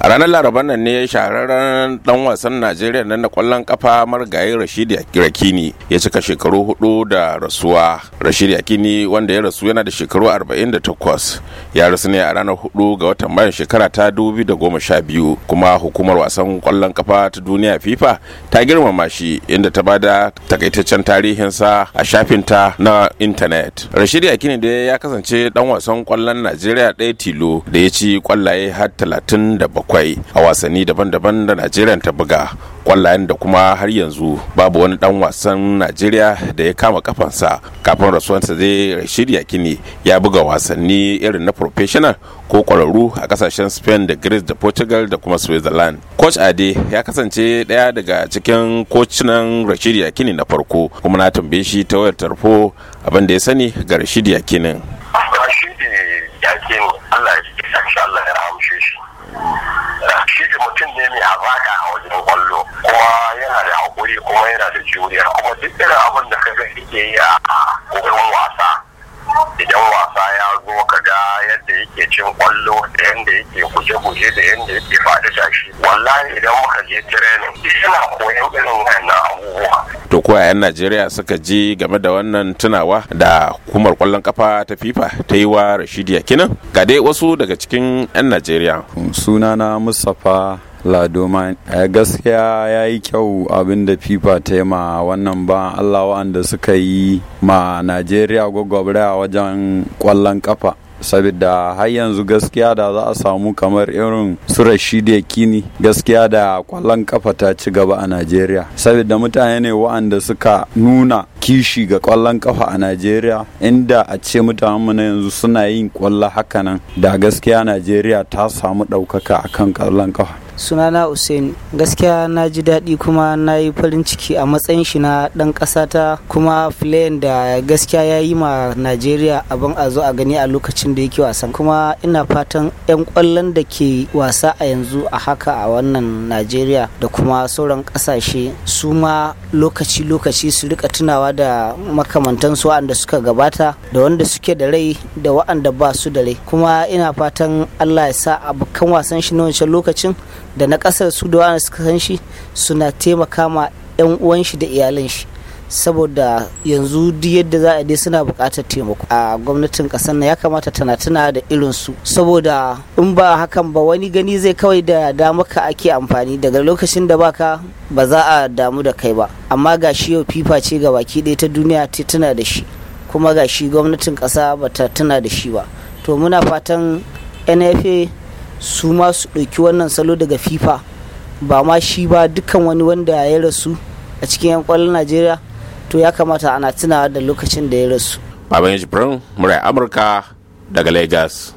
a ranar laraban nan ne shahararren dan wasan najeriya nan da kwallon kafa marigayi rashidi yakini ya cika shekaru hudu da rasuwa rashidi yakini wanda ya rasu yana da shekaru 48 ya rasu ne a ranar hudu ga watan mayan shekara ta 2012 kuma hukumar wasan kwallon kafa ta duniya fifa ta girmama shi inda ta bada takaitaccen tarihinsa a shafinta na intanet rashidi yakini da ya kasance dan wasan kwallon najeriya ɗaya tilo da ya ci kwallaye har 37 bakwai a wasanni daban-daban da najeriya ta buga kwallayen da kuma har yanzu babu wani dan wasan najeriya da ya kama kafansa kafin rasuwansa zai rashid yakini ya buga wasanni irin na professional ko kwararru a kasashen spain da greece da portugal da kuma switzerland coach ade ya kasance daya daga cikin kocinan rashidi yakini na farko kuma na tambaye shi ta wayar tarfo abin da ya sani ga rashidi yakinin ne a hazaka a wajen kwallo kuma yana da haƙuri kuma yana da juriya kuma duk irin abin da ka ga yake yi a wurin wasa idan wasa ya zo ka ga yadda yake cin kwallo da yadda yake guje-guje da yadda yake faɗi tashi wallahi idan muka je training yana koyon irin wannan abubuwa to ko 'yan najeriya suka ji game da wannan tunawa da hukumar kwallon kafa ta fifa ta yi wa rashidiya kinan ga dai wasu daga cikin 'yan najeriya sunana mustapha a eh, gaskiya ya yi kyau abinda fifa ta yi ma wannan ba Allah wa'anda suka yi ma Najeriya gwagwabra wajen kwallon kafa saboda har yanzu gaskiya da za a samu kamar irin su ya kini gaskiya da kwallon kafa ta ci gaba a najeriya saboda mutane ne wa'anda suka nuna kishi ga kwallon kafa a najeriya inda a ce mutanenmu na yanzu suna yin kwallo hakanan da gaskiya najeriya ta samu ɗaukaka akan kwallon kafa sunana Usain gaskiya na ji daɗi kuma na yi farin ciki a matsayin shi na ɗan ƙasa ta kuma filayen da gaskiya ya yi ma Najeriya abin a zo a gani a lokacin da yake wasan kuma ina fatan 'yan ƙwallon da ke wasa a yanzu a haka a wannan Najeriya da kuma sauran ƙasashe su ma lokaci-lokaci su rika tunawa da makamantansu wa'anda suka gabata da wanda suke da rai da wa'anda ba su da rai kuma ina fatan Allah ya sa abokan wasan shi na wancan lokacin da na ƙasar su da wani suka san shi suna taimaka ma 'yan uwan shi da iyalan shi saboda yanzu duk yadda za a dai suna buƙatar taimako a gwamnatin ƙasar na ya kamata tana tuna da irin su saboda in ba hakan ba wani gani zai kawai da damaka ake amfani daga lokacin da baka ba za a damu da kai ba amma ga shi yau fifa ce ga baki ɗaya ta duniya ta tana da shi kuma ga shi gwamnatin ƙasa ba ta tuna da shi ba to muna fatan nfa su ma su ɗauki wannan salo daga fifa ba ma shi ba dukkan wani wanda ya rasu a cikin 'yan kwallon najeriya to ya kamata ana tunawa da lokacin da ya rasu baban jibrin murai amurka daga lagos